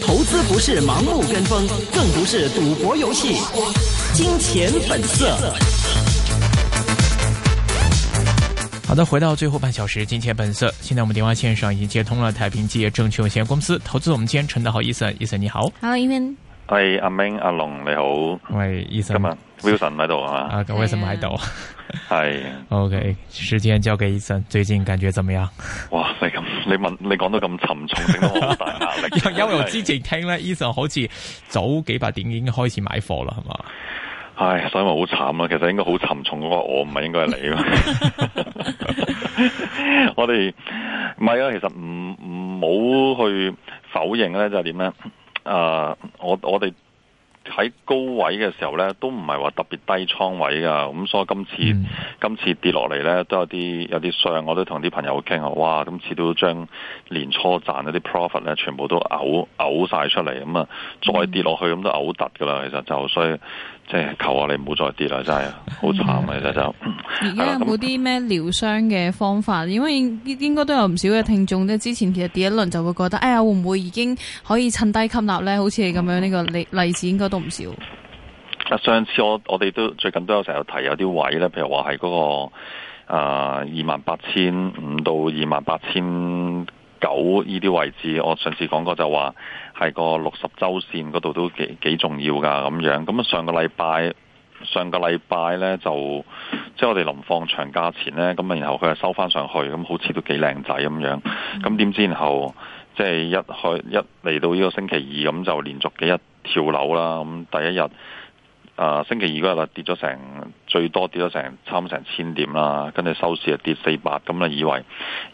投資不是盲目跟風，更不是賭博遊戲。金錢本色。好的，回到最後半小時，金錢本色。現在我們電話線上已經接通了太平基業證券有限公司投資總監陳德豪 Ethan，Ethan 你好。好，Evan。喂，阿明阿龍你好，喂，醫生，今日 Wilson 喺度係嘛？啊，Wilson 喺度，係，OK， 時間交給醫生，最近感覺怎樣？哇，你咁，你問，你講到咁沉重，整到我好大壓力。 因為我之前聽咧， 醫生好似早幾百點已經開始買貨啦，係嘛？唉，所以我好慘啊。其實應該好沉重嘅，我唔係應該係你啊。我哋唔係啊，其實唔唔好去否認咧，就係點咧？誒、uh，我我哋喺高位嘅時候呢，都唔係話特別低倉位噶，咁、嗯、所以今次、嗯、今次跌落嚟呢，都有啲有啲傷，我都同啲朋友傾啊，哇，今次都將年初賺嗰啲 profit 呢，全部都嘔嘔晒出嚟，咁、嗯、啊、嗯、再跌落去，咁都嘔突噶啦，其實就所以。即係求下你唔好再跌啦，真係好慘啊！就而家有冇啲咩療傷嘅方法？因為應應該都有唔少嘅聽眾，即之前其實第一輪就會覺得，哎呀，會唔會已經可以趁低吸納咧？好似係咁樣呢、這個例例子，應該都唔少。啊、嗯！上次我我哋都最近都有成日提有啲位咧，譬如話係嗰個啊二萬八千五到二萬八千。九呢啲位置，我上次講過就話係個六十週線嗰度都幾幾重要㗎咁樣。咁啊上個禮拜，上個禮拜呢就即係我哋臨放長假前呢，咁啊然後佢係收返上去，咁好似都幾靚仔咁樣。咁點、mm hmm. 知然後即係、就是、一去一嚟到呢個星期二咁就連續幾日跳樓啦。咁第一日。誒、啊，星期二嗰日啦，跌咗成最多跌咗成差唔多成千點啦，跟住收市又跌四百，咁咧以為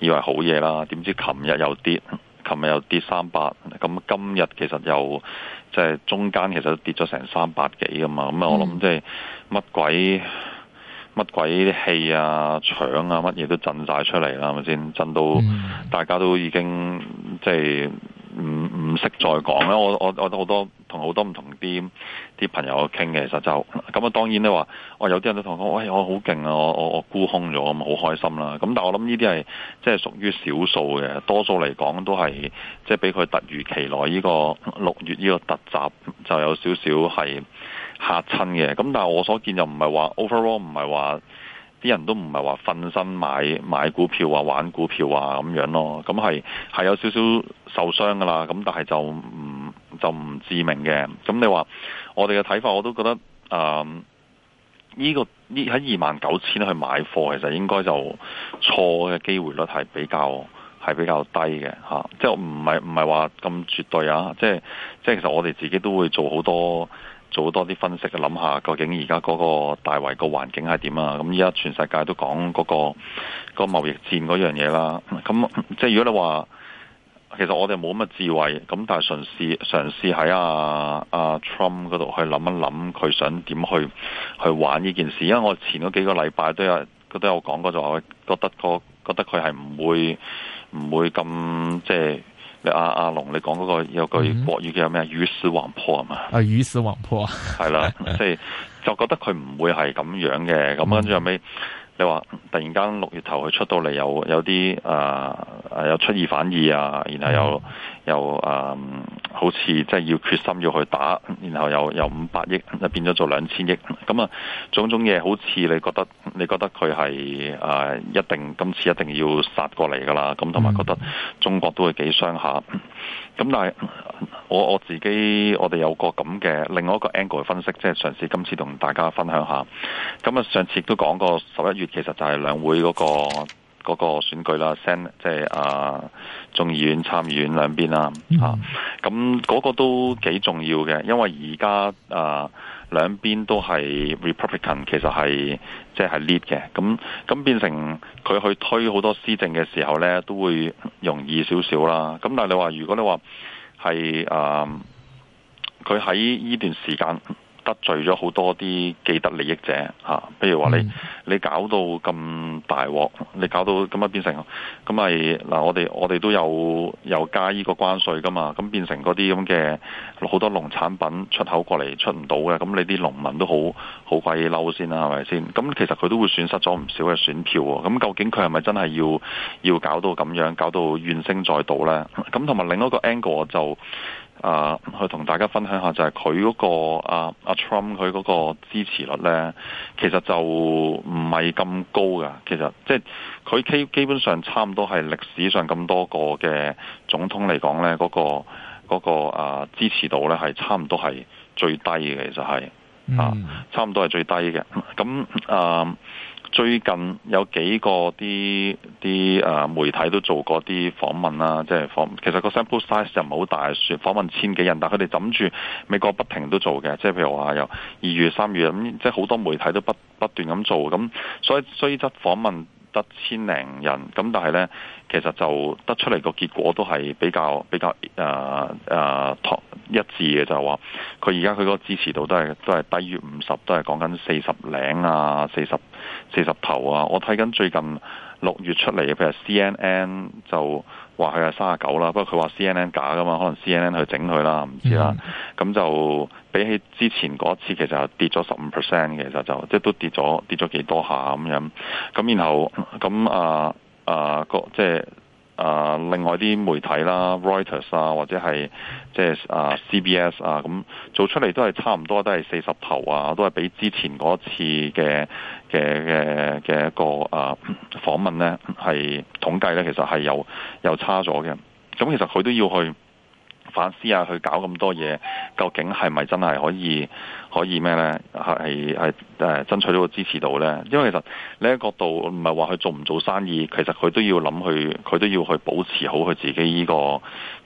以為好嘢啦，點知琴日又跌，琴日又跌三百，咁今日其實又即係、就是、中間其實跌咗成三百幾啊嘛，咁啊我諗即係乜鬼乜鬼啲氣啊、搶啊、乜嘢都震晒出嚟啦，係咪先震到大家都已經即係。就是唔識再講啦，我我我都好多，多同好多唔同啲啲朋友傾嘅，其實就咁啊。當然咧話，我有啲人都同我講喂、哎，我好勁啊，我我，我沽空咗，咁好開心啦。咁但係我諗呢啲係即係屬於少數嘅，多數嚟講都係即係俾佢突如其來呢、呢個六月呢個突襲就有少少係嚇親嘅。咁但係我所見就唔係話 overall 唔係話。啲人都唔係話瞓身買買股票啊、玩股票啊咁樣咯，咁係係有少少受傷噶啦，咁但係就唔就唔致命嘅。咁、嗯、你話我哋嘅睇法，我都覺得誒、呢、嗯呢個呢喺二萬九千去買貨，其實應該就錯嘅機會率係比較係比較低嘅吓、啊，即係唔係唔係話咁絕對啊，即係即係其實我哋自己都會做好多。做多啲分析嘅，諗下究竟而家嗰個大圍個環境係點啊？咁依家全世界都講嗰個個貿易戰嗰樣嘢啦。咁即係如果你話，其實我哋冇乜智慧，咁但係嘗試嘗試喺阿阿 Trump 嗰度去諗一諗佢想點去去玩呢件事。因為我前嗰幾個禮拜都有佢都有講過，就話覺得覺得佢係唔會唔會咁即係。阿阿龍，你講嗰、那個有句國語叫咩啊？魚死網破啊嘛！啊， 魚死網破係啦，即係就覺得佢唔會係咁樣嘅，咁跟住後尾，你話突然間六月頭佢出到嚟，有有啲啊，有出爾反爾啊，然後又。嗯又誒、啊,好似即係要決心要去打,然後又有五百億就變咗做兩千億咁啊，種種嘢好似你覺得，你覺得佢係誒一定今次一定要殺過嚟噶啦。咁同埋覺得中國都會幾傷下咁。但係我我自己，我哋有個咁嘅另外一個 angle 分析，即係嘗試今次同大家分享下。咁啊，上次亦都講過，十一月其實就係兩會嗰個。嗰個選舉啦，send 即係啊，眾議院參議院兩邊啦，啊，咁嗰、mm hmm. 啊嗰個都幾重要嘅，因為而家啊兩邊都係 Republican，其實係即係 lead 嘅，咁咁變成佢去推好多施政嘅時候咧，都會容易少少啦。咁但係你話，如果你話係啊，佢喺呢段時間，得罪咗好多啲既得利益者吓，譬、啊、如話你、嗯、你搞到咁大鑊，你搞到咁啊變成咁咪嗱，我哋我哋都有有加依個關稅噶嘛，咁變成嗰啲咁嘅好多農產品出口過嚟出唔到嘅，咁你啲農民都好好鬼嘢嬲先啦、啊，係咪先？咁其實佢都會損失咗唔少嘅選票喎。咁究竟佢係咪真係要要搞到咁樣搞到怨聲載道咧？咁同埋另一個 angle 就。啊、呃，去同大家分享下就係佢嗰個啊啊 Trump 佢嗰個支持率呢，其實就唔係咁高噶。其實即係佢基基本上差唔多係歷史上咁多個嘅總統嚟講呢，嗰、嗰個、嗰個啊支持度呢，係差唔多係最低嘅，其實係啊，差唔多係最低嘅。咁啊。呃最近有幾個啲啲誒媒體都做過啲訪問啦，即係訪其實個 sample size 就唔係好大，算訪問千幾人，但佢哋諗住美國不停都做嘅，即係譬如話有二月三月咁，即係好多媒體都不不斷咁做，咁所以所以則訪問。一千零人，咁但係呢，其實就得出嚟個結果都係比較比較誒誒一致嘅，就係話佢而家佢個支持度都係都係低於五十，都係講緊四十零啊，四十四十頭啊，我睇緊最近六月出嚟嘅，譬如 CNN 就。話佢係三啊九啦，39，不過佢話 C N N 假㗎嘛，可能 C N N 去整佢啦，唔知啦。咁、嗯、就比起之前嗰次其，其實跌咗十五 percent，其實就即係都跌咗跌咗幾多下咁樣。咁然後咁啊啊個即係。啊！另外啲媒體啦、Reuters 啊，或者係即係啊 CBS 啊，咁做出嚟都係差唔多，都係四十頭啊，都係比之前嗰次嘅嘅嘅嘅一個啊訪問咧，係統計咧，其實係有有差咗嘅。咁、嗯、其實佢都要去。反思下、啊、去搞咁多嘢，究竟係咪真係可以可以咩咧？係係誒爭取到個支持度咧？因為其實另一角度唔係話佢做唔做生意，其實佢都要諗去，佢都要去保持好佢自己呢、這個，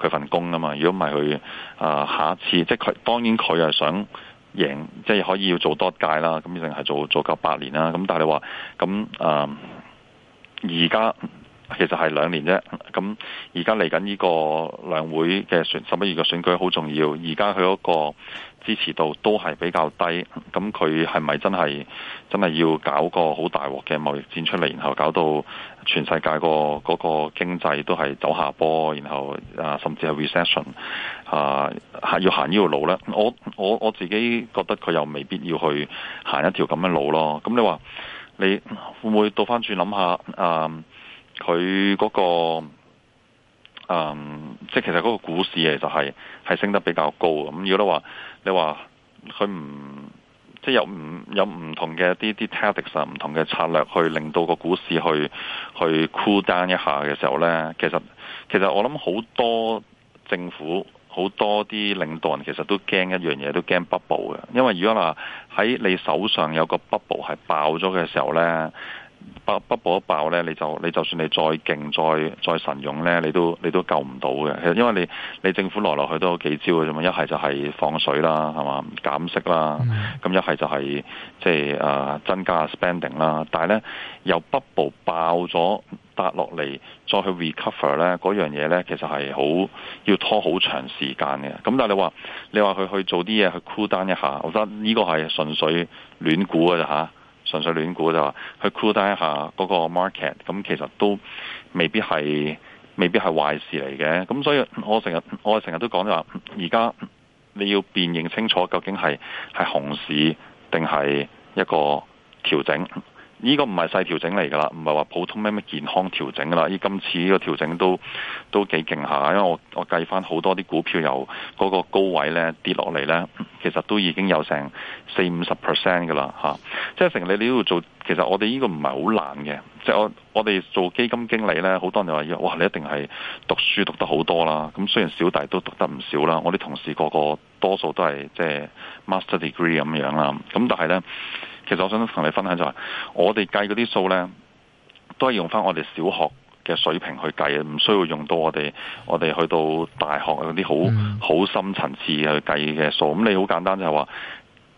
佢份工啊嘛。如果唔係，佢、呃、啊，下次即係佢當然佢係想贏，即、就、係、是、可以要做多一屆啦，咁一定係做做夠八年啦。咁但係你話，咁啊，而、呃、家。其實係兩年啫，咁而家嚟緊呢個兩會嘅選十一月嘅選舉好重要，而家佢嗰個支持度都係比較低，咁佢係咪真係真係要搞個好大鑊嘅貿易戰出嚟，然後搞到全世界個嗰個經濟都係走下坡，然後啊甚至係 recession 啊，要行呢條路呢？我我我自己覺得佢又未必要去行一條咁嘅路咯。咁你話你會唔會倒翻轉諗下啊？佢嗰個，嗯，即係其實嗰個股市其實係係升得比較高。咁如果你話你話佢唔即係有唔有唔同嘅啲啲 tactics 啊，唔同嘅策略去令到個股市去去 cool down 一下嘅時候呢，其實其實我諗好多政府好多啲領導人其實都驚一樣嘢，都驚 bubble 嘅，因為如果話喺你手上有個 bubble 係爆咗嘅時候呢。bubble 一爆咧，你就你就算你再勁、再再神勇咧，你都你都救唔到嘅。其實因為你你政府落落去都有幾招嘅啫嘛，一係就係放水啦，係嘛減息啦，咁一係就係即係誒增加 spending 啦。但係咧，由 bubble 爆咗，跌落嚟再去 recover 咧，嗰樣嘢咧，其實係好要拖好長時間嘅。咁但係你話你話佢去，去做啲嘢去 cool down 一下，我覺得呢個係純粹亂估嘅啫吓。純粹亂估，就話去 cool d 一下嗰個 market，咁其實都未必係未必係壞事嚟嘅。咁所以我成日我成日都講就話，而家你要辨認清楚究竟係係熊市定係一個調整。呢個唔係細調整嚟噶啦，唔係話普通咩咩健康調整噶啦。依今次呢個調整都都幾勁下，因為我我計翻好多啲股票由嗰個高位咧跌落嚟咧，其實都已經有成四五十 percent 噶啦嚇。即係成你呢度做，其實我哋呢個唔係好難嘅。即係我我哋做基金經理咧，好多人就話，哇！你一定係讀書讀得好多啦。咁、嗯、雖然小弟都讀得唔少啦。我啲同事個個多數都係即係 master degree 咁樣啦。咁、嗯、但係咧。其實我想同你分享就係，我哋計嗰啲數呢，都係用翻我哋小學嘅水平去計嘅，唔需要用到我哋我哋去到大學嗰啲好好深層次去計嘅數。咁你好簡單就係話，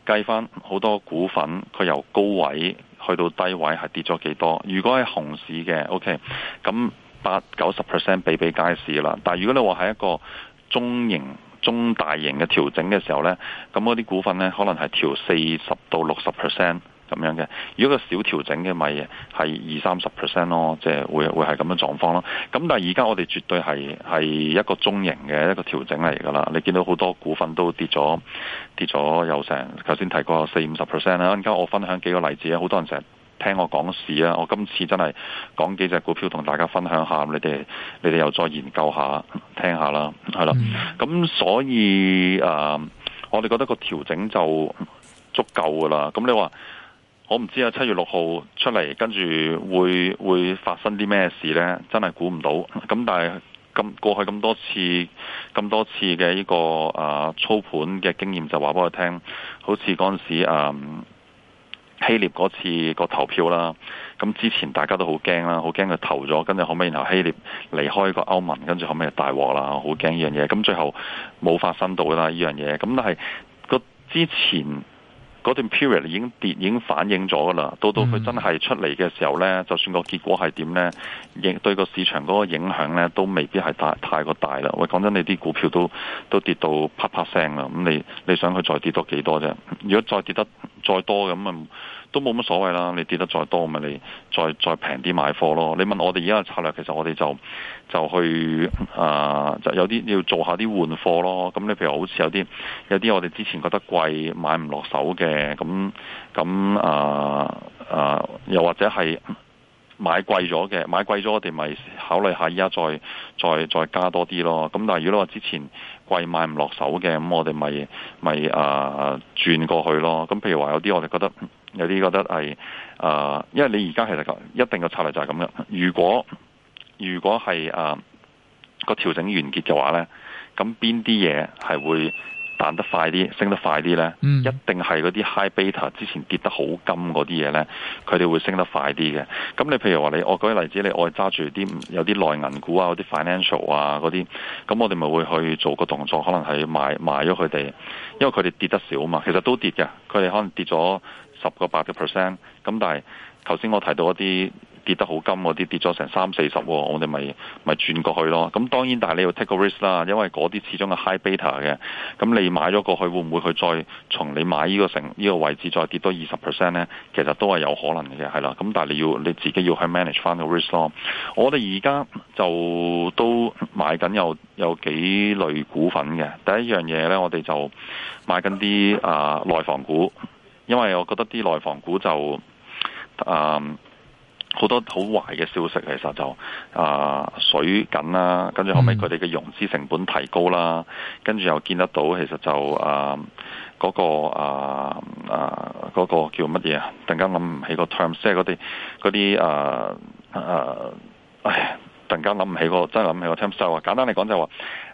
計翻好多股份，佢由高位去到低位係跌咗幾多？如果係熊市嘅，OK，咁八九十 percent 避避街市啦。但係如果你話係一個中型，中大型嘅調整嘅時候呢，咁嗰啲股份呢，可能係調四十到六十 percent 咁樣嘅。如果個小調整嘅咪係二三十 percent 咯，即係會會係咁樣狀況咯。咁但係而家我哋絕對係係一個中型嘅一個調整嚟㗎啦。你見到好多股份都跌咗，跌咗有成頭先提過四五十 percent 啦。陣間我分享幾個例子好多人成日。聽我講市啊！我今次真係講幾隻股票同大家分享下，你哋你哋又再研究下聽下啦，係啦。咁、嗯嗯、所以啊、嗯，我哋覺得個調整就足夠噶啦。咁、嗯、你話我唔知啊，七月六號出嚟，跟住會會發生啲咩事呢？真係估唔到。咁、嗯、但係咁過去咁多次咁多次嘅呢、呢個啊操盤嘅經驗就話俾我聽，好似嗰陣時啊。嗯希臘嗰次個投票啦，咁之前大家都好驚啦，好驚佢投咗，跟住後尾然後希臘離開個歐盟，跟住後尾就大禍啦，好驚呢樣嘢，咁最後冇發生到啦呢樣嘢，咁但係個之前，嗰段 period 已經跌，已經反映咗噶啦，到到佢真係出嚟嘅時候呢，就算個結果係點呢？亦對個市場嗰個影響呢，都未必係大太過大啦。喂，講真，你啲股票都都跌到啪啪聲啦，咁你你想佢再跌多幾多啫？如果再跌得再多咁，都冇乜所謂啦，你跌得再多咪你再再平啲買貨咯。你問我哋而家嘅策略，其實我哋就就去啊，呃，就有啲要做下啲換貨咯。咁你譬如好似有啲有啲我哋之前覺得貴買唔落手嘅，咁咁啊啊，又或者係買貴咗嘅，買貴咗我哋咪考慮下依家再再再加多啲咯。咁但係如果話之前貴買唔落手嘅，咁我哋咪咪啊轉過去咯。咁譬如話有啲我哋覺得。有啲覺得係啊、呃，因為你而家其實一定個策略就係咁樣。如果如果係啊個調整完結嘅話咧，咁邊啲嘢係會彈得快啲、升得快啲咧？嗯、一定係嗰啲 high beta 之前跌得好金嗰啲嘢咧，佢哋會升得快啲嘅。咁你譬如話你我舉例子，你我揸住啲有啲內銀股啊、嗰啲 financial 啊嗰啲，咁我哋咪會去做個動作，可能係賣賣咗佢哋，因為佢哋跌得少嘛。其實都跌嘅，佢哋可能跌咗。十個八個 percent，咁但係頭先我提到一啲跌得好甘嗰啲跌咗成三四十，我哋咪咪轉過去咯。咁當然，但係你要 take 個 risk 啦，因為嗰啲始終係 high beta 嘅。咁你買咗過去，會唔會去再從你買呢個成呢個位置再跌多二十 percent 咧？其實都係有可能嘅，係啦。咁但係你要你自己要去 manage 翻個 risk 咯。我哋而家就都買緊有有幾類股份嘅。第一樣嘢咧，我哋就買緊啲啊內房股。因為我覺得啲內房股就啊、呃、好多好壞嘅消息，其實就啊、是呃、水緊啦，跟住後尾，佢哋嘅融資成本提高啦，跟住又見得到其實就、呃呃、啊嗰、啊啊啊啊啊啊啊嗰個啊啊嗰叫乜嘢啊？突然間諗唔起個 terms 即係嗰啲啲啊啊唉。突然間諗唔起個，真係諗唔起個 terms 就話，簡單嚟講就係話，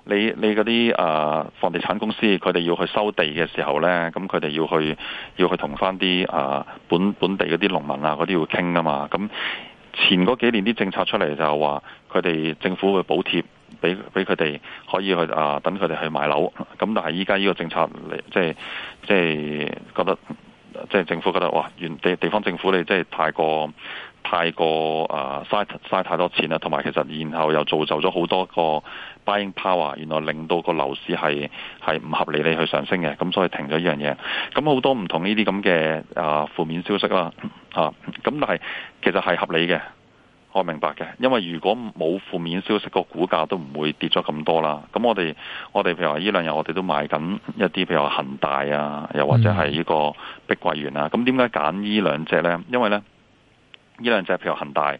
你你嗰啲啊房地產公司，佢哋要去收地嘅時候咧，咁佢哋要去要去同返啲啊本本地嗰啲農民啊嗰啲要傾㗎嘛，咁前嗰幾年啲政策出嚟就話，佢哋政府會補貼，俾俾佢哋可以去啊等佢哋去買樓，咁但係依家呢個政策嚟，即係即係覺得，即係政府覺得哇，原地地方政府你真係太過。太過啊，嘥嘥太多錢啦，同埋其實然後又造就咗好多個 buying power，原來令到個樓市係係唔合理你去上升嘅，咁所以停咗呢樣嘢。咁好多唔同呢啲咁嘅啊負面消息啦，嚇、啊。咁但係其實係合理嘅，我明白嘅。因為如果冇負面消息，個股價都唔會跌咗咁多啦。咁我哋我哋譬如話呢兩日我哋都買緊一啲譬如話恒大啊，又或者係呢個碧桂園啊。咁點解揀呢兩隻呢？因為呢。呢兩隻，譬如恒大，咁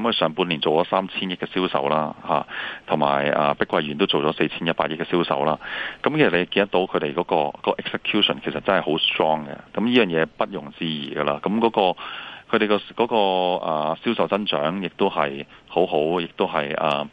佢上半年做咗三千億嘅銷售啦，嚇，同埋啊碧桂園都做咗四千一百億嘅銷售啦。咁其實你見得到佢哋嗰個、嗰個、execution 其實真係好 strong 嘅。咁呢樣嘢不容置疑噶啦。咁、嗰個、嗰個佢哋、個嗰個啊銷售增長亦都係好好，亦都係啊。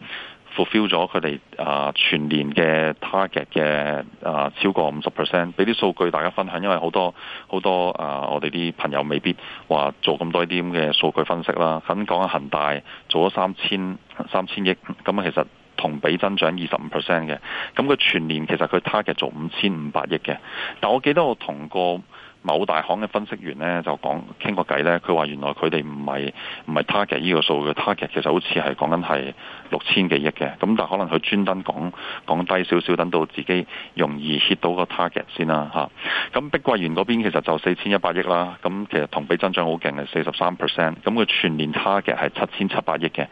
fulfill 咗佢哋啊、uh, 全年嘅 target 嘅啊、uh, 超過五十 percent，俾啲數據大家分享，因為好多好多啊、uh, 我哋啲朋友未必話做咁多啲咁嘅數據分析啦。咁講恒大做咗三千三千億，咁其實同比增長二十五 percent 嘅，咁佢全年其實佢 target 做五千五百億嘅，但我記得我同過。某大行嘅分析員呢，就講傾個偈呢，佢話原來佢哋唔係唔係 target 呢個數嘅 target，其實好似係講緊係六千幾億嘅，咁但係可能佢專登講講低少少，等到自己容易 hit 到個 target 先啦嚇。咁、啊、碧桂園嗰邊其實就四千一百億啦，咁其實同比增長好勁係四十三 percent，咁佢全年 target 係七千七百億嘅，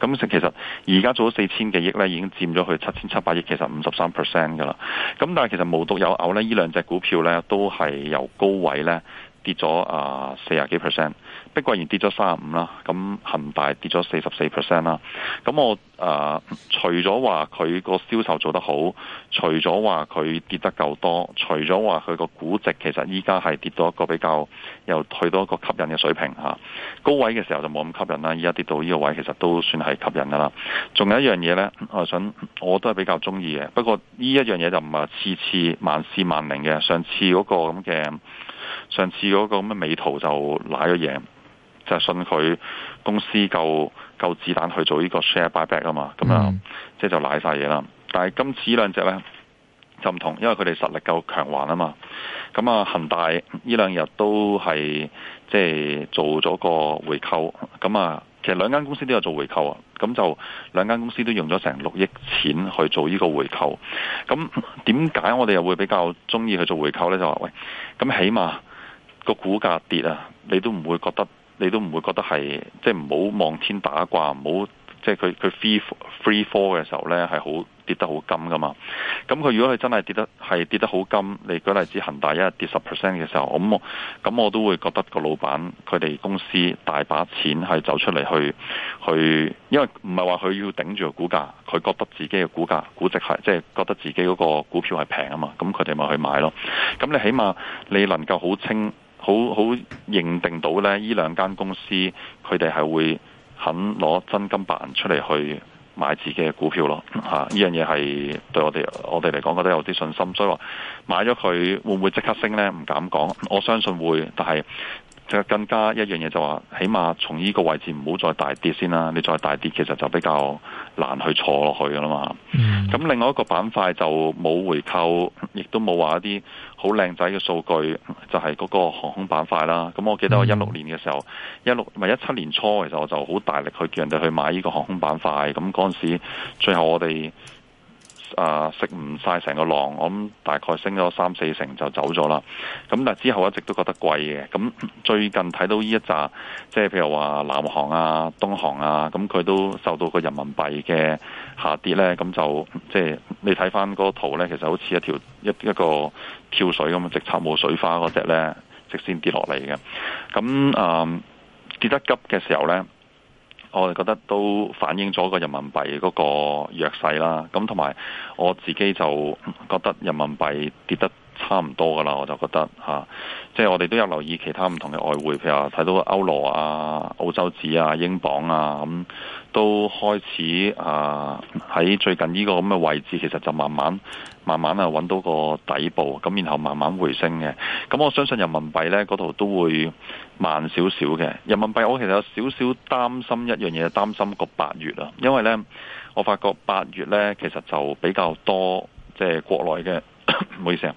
咁其實而家做咗四千幾億呢，已經佔咗佢七千七百億，其實五十三 percent 噶啦。咁但係其實無獨有偶呢，呢兩隻股票呢，都係由高。高位咧跌咗啊四十幾 percent，碧桂園跌咗三十五啦，咁、啊、恒大跌咗四十四 percent 啦。咁我啊除咗話佢個銷售做得好，除咗話佢跌得夠多，除咗話佢個估值，其實依家係跌到一個比較又去到一個吸引嘅水平吓、啊。高位嘅時候就冇咁吸引啦，而家跌到呢個位其實都算係吸引噶啦。仲有一樣嘢咧，我想我都係比較中意嘅，不過呢一樣嘢就唔係次次萬試萬靈嘅，上次嗰個咁嘅。上次嗰個咁嘅美圖就賴咗嘢，就係、是、信佢公司夠夠子彈去做呢個 share buy back 啊嘛，咁啊、mm. 即係就賴晒嘢啦。但係今次呢兩隻呢，就唔同，因為佢哋實力夠強橫啊嘛。咁啊，恒大呢兩日都係即係做咗個回購，咁啊其實兩間公司都有做回購啊。咁就兩間公司都用咗成六億錢去做呢個回購。咁點解我哋又會比較中意去做回購呢？就話喂，咁起碼個股價跌啊，你都唔會覺得，你都唔會覺得係，即係唔好望天打卦，唔好即係佢佢 free free fall 嘅時候呢，係好跌得好金噶嘛。咁佢如果佢真係跌得係跌得好金，你舉例子恒大一日跌十 percent 嘅時候，我咁我都會覺得個老闆佢哋公司大把錢係走出嚟去去，因為唔係話佢要頂住個股價，佢覺得自己嘅股價估值係即係覺得自己嗰個股票係平啊嘛，咁佢哋咪去買咯。咁你起碼你能夠好清。好好認定到呢呢兩間公司佢哋係會肯攞真金白銀出嚟去買自己嘅股票咯，嚇、啊！呢樣嘢係對我哋我哋嚟講覺得有啲信心，所以話買咗佢會唔會即刻升呢？唔敢講，我相信會，但係。更加一樣嘢就話，起碼從呢個位置唔好再大跌先啦。你再大跌，其實就比較難去坐落去㗎喇嘛。咁、mm hmm. 另外一個板塊就冇回購，亦都冇話一啲好靚仔嘅數據，就係、是、嗰個航空板塊啦。咁我記得我一六年嘅時候，一六咪一七年初，其實我就好大力去叫人哋去買呢個航空板塊。咁嗰陣時，最後我哋。啊！食唔晒成個浪，我諗大概升咗三四成就走咗啦。咁但係之後一直都覺得貴嘅。咁、嗯、最近睇到呢一扎，即係譬如話南航啊、東航啊，咁、嗯、佢都受到個人民幣嘅下跌呢。咁、嗯、就即係你睇翻嗰個圖呢，其實好似一條一一個跳水咁，直插冇水花嗰隻呢，直線跌落嚟嘅。咁、嗯、啊、嗯，跌得急嘅時候呢。我哋覺得都反映咗個人民幣嗰個弱勢啦，咁同埋我自己就覺得人民幣跌得。差唔多噶啦，我就覺得吓、啊，即係我哋都有留意其他唔同嘅外匯，譬如話睇到歐羅啊、澳洲紙啊、英鎊啊，咁、嗯、都開始啊喺最近呢個咁嘅位置，其實就慢慢慢慢啊揾到個底部，咁然後慢慢回升嘅。咁、嗯、我相信人民幣呢嗰度都會慢少少嘅。人民幣我其實有少少擔心一樣嘢，擔心個八月啊，因為呢我發覺八月呢其實就比較多即係、就是、國內嘅，唔好意思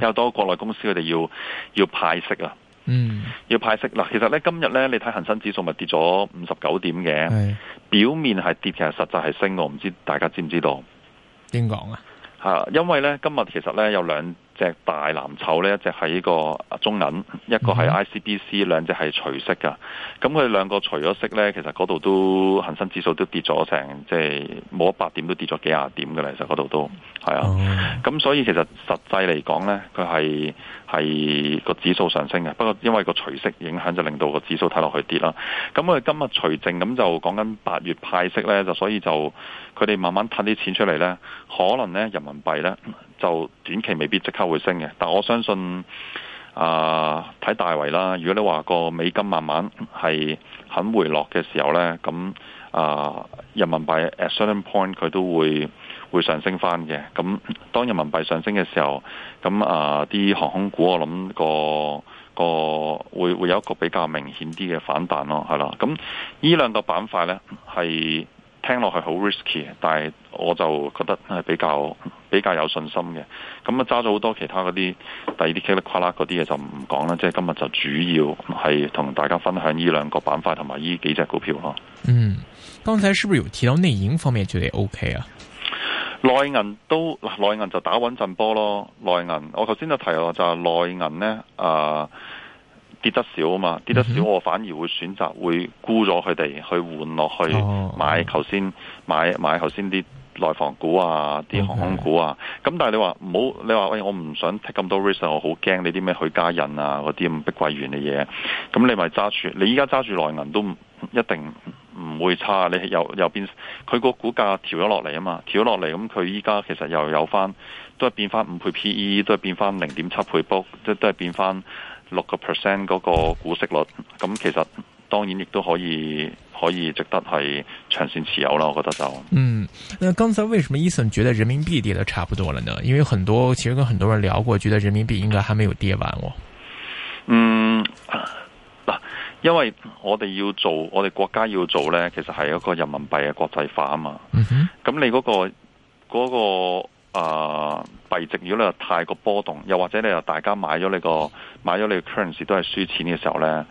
有、嗯、多國內公司佢哋要要派息啊，嗯，要派息嗱、嗯，其實咧今日咧你睇恒生指數咪跌咗五十九點嘅，是表面係跌，其實實際係升，我唔知大家知唔知道？點講啊？吓、啊，因為咧今日其實咧有兩。隻大藍籌呢，一隻係呢個中銀，一個係 ICBC，兩隻係除息噶。咁佢兩個除咗息呢，其實嗰度都恒生指數都跌咗成，即係冇一百點都跌咗幾廿點㗎。其實嗰度都係啊。咁、oh. 所以其實實際嚟講呢，佢係。係個指數上升嘅，不過因為個除息影響就令到個指數睇落去跌啦。咁我哋今日除淨咁就講緊八月派息呢，就所以就佢哋慢慢褪啲錢出嚟呢。可能呢人民幣呢，就短期未必即刻會升嘅。但我相信啊，睇、呃、大圍啦，如果你話個美金慢慢係肯回落嘅時候呢，咁啊、呃、人民幣 at certain point 佢都會。會上升翻嘅，咁當人民幣上升嘅時候，咁啊啲航空股我諗個個會會有一個比較明顯啲嘅反彈咯，係啦，咁呢兩個板塊呢係聽落去好 risky，但係我就覺得係比較比較有信心嘅，咁啊揸咗好多其他嗰啲第二啲 kick 啦、嗰啲嘢就唔講啦，即係今日就主要係同大家分享呢兩個板塊同埋呢幾隻股票咯。嗯，剛才是不是有提到內影方面做得 OK 啊？內銀都內銀就打穩陣波咯。內銀，我頭先就提我就係內銀咧，啊、呃、跌得少啊嘛，跌得少我反而會選擇會沽咗佢哋去換落去買、買，頭先買買頭先啲。內房股啊，啲航空股啊，咁但係你話唔好，你話喂、哎、我唔想 take 咁多 risk，我好驚你啲咩許家印啊嗰啲咁碧桂園嘅嘢，咁你咪揸住。你依家揸住內銀都一定唔會差，你又又變佢個股價調咗落嚟啊嘛，調咗落嚟咁佢依家其實又有翻，都係變翻五倍 PE，都係變翻零點七倍 book，即都係變翻六個 percent 嗰個股息率，咁其實。當然，亦都可以可以值得係長線持有啦。我覺得就嗯，那剛才為什麼 Eason 覺得人民幣跌得差不多了呢？因為很多其實跟很多人聊過，覺得人民幣應該還沒有跌完哦。嗯，嗱，因為我哋要做，我哋國家要做呢，其實係一個人民幣嘅國際化啊嘛。嗯哼，咁你嗰個、嗰個啊幣值如果你太過波動，又或者你又大家買咗你個買咗你個 currency 都係輸錢嘅時候呢。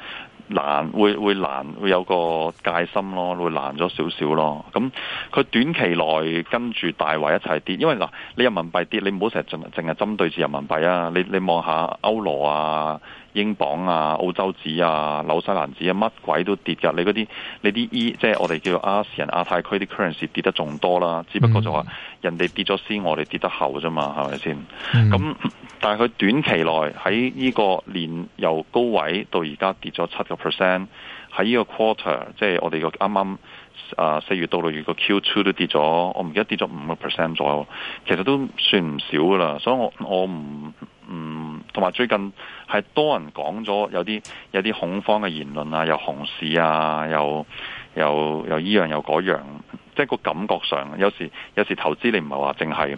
難會會難，會有個戒心咯，會難咗少少咯。咁佢短期內跟住大圍一齊跌，因為嗱，你人民幣跌，你唔好成日淨淨係針對住人民幣啊！你你望下歐羅啊。英鎊啊、澳洲紙啊、紐西蘭紙啊，乜鬼都跌噶。你嗰啲你啲 E，即係我哋叫做亞人亞太區啲 currency 跌得仲多啦。只不過就話人哋跌咗先，我哋跌得後啫嘛，係咪先？咁、嗯、但係佢短期內喺呢個年由高位到而家跌咗七個 percent，喺呢個 quarter，即係我哋個啱啱。啊！四月到六月個 Q2 都跌咗，我唔記得跌咗五個 percent 左右，其實都算唔少噶啦。所以我我唔唔同埋最近係多人講咗有啲有啲恐慌嘅言論啊，又熊市啊，又又又依樣又嗰樣，即係個感覺上，有時有時投資你唔係話淨係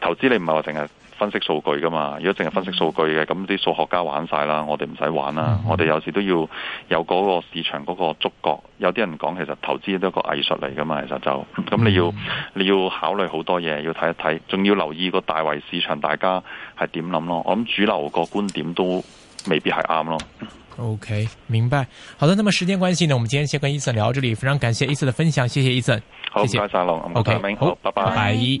投資你唔係話淨係。分析數據噶嘛？如果淨係分析數據嘅，咁啲數學家玩晒啦，我哋唔使玩啦。嗯、哼我哋有時都要有嗰個市場嗰個觸覺。有啲人講其實投資都係一個藝術嚟噶嘛，其實就咁你要、嗯、你要考慮好多嘢，要睇一睇，仲要留意個大圍市場大家係點諗咯。我諗主流個觀點都未必係啱咯。OK，明白。好的，那麼時間關係呢，我們今天先跟 Eason 聊到這裡，非常感謝 Eason 的分享，謝謝 Eason。好，唔該晒。龍 OK，好，拜拜。拜。